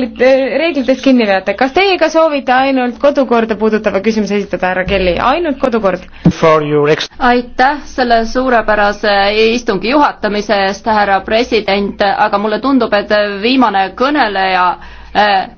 reeglid, reeglitest kinni peate. kas teie ka soovite ainult kodukorda puudutava küsimuse esitada, härra Kelly, ainult kodukord? aitäh selle suurepärase istungi juhatamise eest, härra president, aga mulle tundub, et viimane kõneleja eh,